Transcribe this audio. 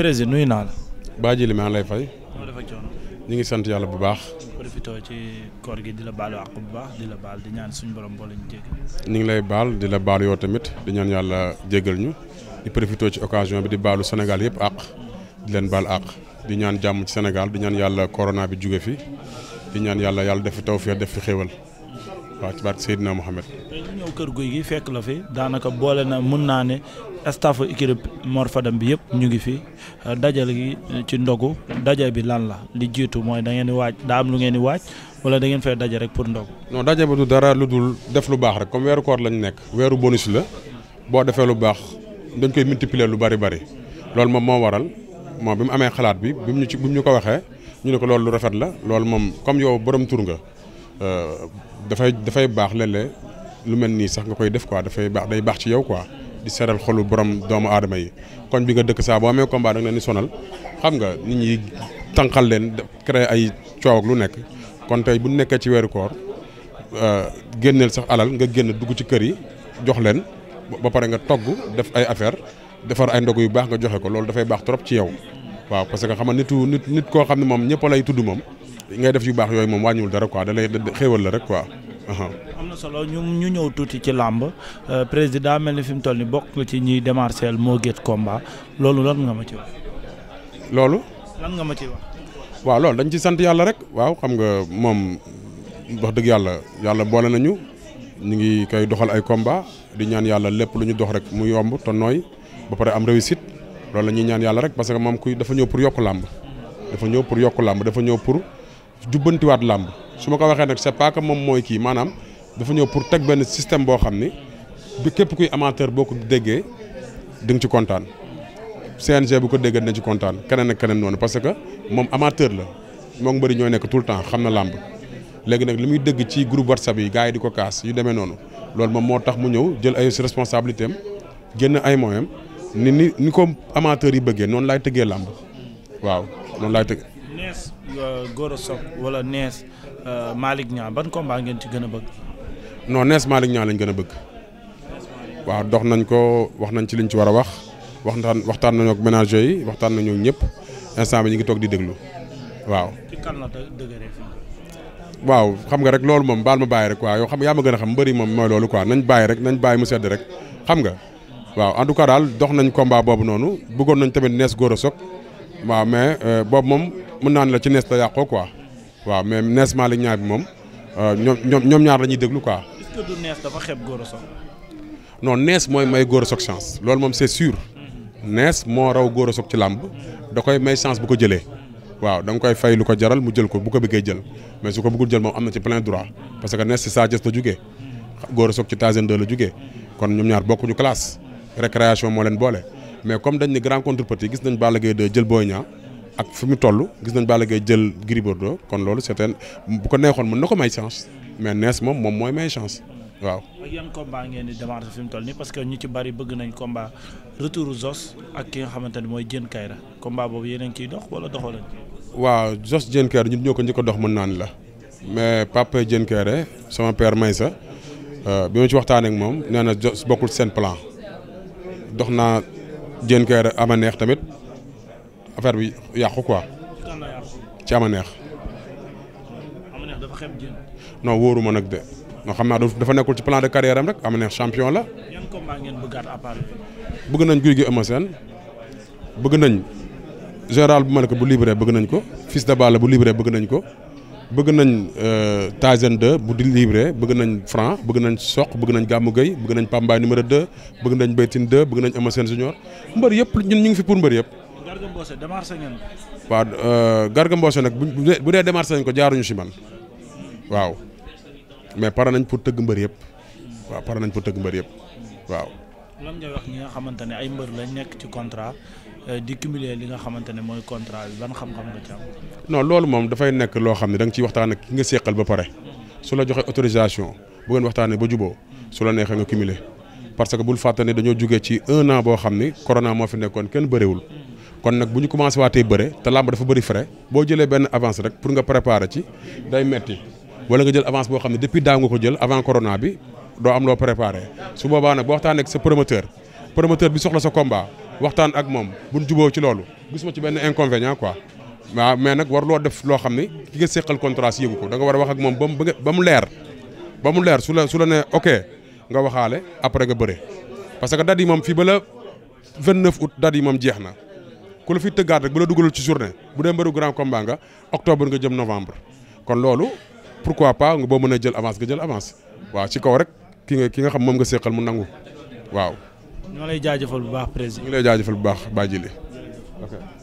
président nuyu naa baa Ba Jili maa ngi lay fay. ñu ngi sant yàlla bu baax. profité ci koor gi di la baalu àq bu baax di la baal di ñaan suñu borom boole ñu ngi lay baal di la baal yoo tamit di ñaan yàlla jéggal ñu. di profité ci occasion bi di baalu Sénégal yëpp àq. di leen baal àq. di ñaan jàmm ci Sénégal di ñaan yàlla corona bi jóge fi. di ñaan yàlla yàlla def fi tawfeex def fi xéewal. waaw ci barke Mohamed. kër guy gi fekk la fi daanaka boole na mun naa ne staff équipe Mor Fadam bi yëpp ñu ngi fi euh, dajale gi ci ndogu daja bi lan la li jiitu mooy da ngeen di waaj daa am lu ngeen di waaj wala dangeen ngeen fee daje rek pour ndog non daje bi du dara lu dul def lu baax rek comme weeru koor lañ nekk. weeru bonus la boo defee lu baax dañ koy multiplier lu bari bari loolu moom moo waral moom bi mu amee xalaat bi bi mu ñu ci bi ñu ko waxee ñu ne ko loolu lu rafet la loolu moom comme yow borom tur euh, baax léeg lu mel nii sax nga koy def quoi dafay baax day baax ci yow quoi di seral xolu borom doomu aadama yi koñ bi nga dëkk saa boo amee combat da nga leen sonal xam nga nit ñi tànqal leen créer ay coow lu nekk kon tey bu nekkee ci weeru koor euh, génneel sax alal nga génn dugg ci kër yi jox leen ba pare nga togg def ay affaire defar ay ndog yu baax joxe ko loolu ci yow waaw parce que xam nga nitu nit nit koo xam ne moom ñëpp lay tudd moom ngay def yu baax yooyu moom wàññiwul dara quoi da lay xéewal la rek quoi Uh-huh. am na solo ñu ñu ñëw tuuti ci làmb euh, président mel ni fi mu toll ni bokk nga ci ñuy démarché moo gét combat loolu lan nga ma ci wax. loolu. lan nga ma ci wax. waaw dañ ci sant yàlla rek waaw xam nga moom wax dëgg yàlla yàlla boole nañu ñu ngi kay doxal ay combat di ñaan yàlla lépp lu ñu dox rek mu yomb te nooy ba pare am réussite loolu la ñuy ñaan yàlla rek parce que moom kuy dafa ñëw pour yokk làmb dafa ñëw pour yokk làmb dafa ñëw pour jubbantiwaat làmb su ma ko waxee nag c'est pas que moom mooy kii maanaam dafa ñëw pour teg benn système boo xam ni bi képp kuy amateur boo ko déggee di nga ci kontaan CNG bu ko déggee dina ci kontaan keneen ak keneen noonu parce que moom amateur la moom mbëri ñoo nekk tout le temps xam na làmb léegi nag li muy dégg ci groupe whatsapp yi gars yi di ko kaas yu demee noonu loolu moom moo tax mu ñëw jël ay responsabilité am génn ay moyens ni ni ni ko amateur yi bëggee noonu laay tëggee làmb waaw noonu laay tëggee. nees euh, Gora Euh, Malick Niang ban combat ngeen ci gën a bëgg. non nees Malick Niang lañ gën a bëgg. waaw dox nañ ko wax nañ ci liñ ci war a wax waxtaan waxtaan nañoo ak ménager yi waxtaan nañoo ak ñëpp instant bi ñu ngi toog di déglu waaw. ci kan la dëgëree fii. waaw xam nga rek loolu moom baal ma bàyyi rek waaw yow xam yaa ma gën a xam mbëri moom mooy loolu quoi nañ bàyyi rek nañ bàyyi mu sedd rek xam nga. waaw en tout daal dox nañ combat boobu noonu bëggoon nañ tamit nees góor a soog waaw mais euh, boobu moom mën naa la ci nees la yàqoo quoi. waaw mais Ness Malick ñaar bi moom euh, ñoom ñoom ñoom ñaar la ñuy déglu quoi. est-ce que du Ness dafa xeeb mooy may góor a Sock chance loolu moom c'est sûr. Mhm. Ness moo raw a Sock ci làmb da koy may chance bu ko jëlee. waaw da koy fay lu ko jaral mu jël ko bu ko bëggee jël mais su ko bëggul jël moom am na ci plein droit parce que Ness ci Sa Thiès la jugee. Mhm. Gora Sock ci Tyson 2 la jugee kon ñoom ñaar bokkuñu classe récréation moo leen boole mais comme dañ ne grand contre petit gis nañ Balla Gaye 2 jël ak fi mu toll gis nañ Balla Gaye jël Gris Bordeaux kon loolu certain bu ko neexoon mën na ko may chance mais nees moom moom mooy may chance waaw. ak yan combat ngeen di démarrer fi mu toll nii parce que ñu ci bari bëgg nañ combat retour Zos ak ki nga xamante ne mooy Diène Kaïré combat boobu yéen a dox wala doxoo leen. waaw Zos Diène Kaïré ñun ñoo ko njëkk a dox mën naan la mais Papa Diène Kaïré sama père Maysa euh, bi ma ci waxtaanee moom nee na Zos affaire bi yàqu quoi. ci ama neex. ama neex dafa xeeb nag de non xam naa dafa nekkul ci plan de carrière am rek ama neex champion la. yan combat ngeen bëggaat à part bëgg nañ guy gi Eumeu Sène bëgg nañ général bu Malika bu libéré bëgg nañ ko fils de Balla bu libéré bëgg nañ ko bëgg nañ euh, Tyson 2 bu di libéré bëgg nañ Franc bëgg nañ Sokh bëgg nañ Gamou Gueye bëgg nañ Pambaay numéro 2 bëgg nañ Baytine 2 bëgg nañ Eumeu Sène junior mbër yëpp ñun ñu ngi fi pour mbër yëpp. Garga Mbossé démarché ngeen ko. waaw euh, Garga Mbossé nag bu dee démarché nañ ko jaaruñu si man waaw mais pare nañ pour tëgg mbër yëpp waaw pare nañ pour tëgg mbër yëpp waaw. lan nga nga xamante ne ay mbër lañ nekk ci contrat euh, di cumuler li nga xamante ne mooy contrat bi ban xam-xam nga loolu moom dafay nekk loo xam ne da nga ciy waxtaan ak ki nga séqal ba pare su la joxee autorisation bu waxtaanee ba jubo su la neexee nga cumuler parce que bul fàttali dañoo jugee ci un boo xam ni corona moo fi nekkoon kenn bëriwul kon nag bu ñu commencé waatee bëre te làmb dafa bëri frais boo jëlee benn avance rek pour nga préparer ci day metti wala nga jël avance boo xam ne depuis daaw nga ko jël avant corona bi doo am loo préparé su boobaa nag boo waxtaanee ak sa promoteur promoteur bi soxla sa combat waxtaan ak moom buñ juboo ci loolu gisuma ci benn inconvénient quoi waaw mais nag war loo def loo xam ne ki nga seqal contrat si yëgu ko da nga war a wax ak moom ba mu ba mu leer ba mu leer su la su la ne ok nga waxaale après nga bëre parce que date yi moom fii ba la 29 août date yi moom jeex na ku la fi tëggaat rek bu la dugalul ci journée bu dee mbaru grand combat nga octobre nga jëm novembre kon loolu pourquoi pas boo mën a jël avance nga jël avance waa ci kaw rek ki nga ki nga xam moom nga seqal mu nangu waaw. ñoo lay jaajëfal bu baax président. ñu lay jaajëfal bu baax Badji Li ok.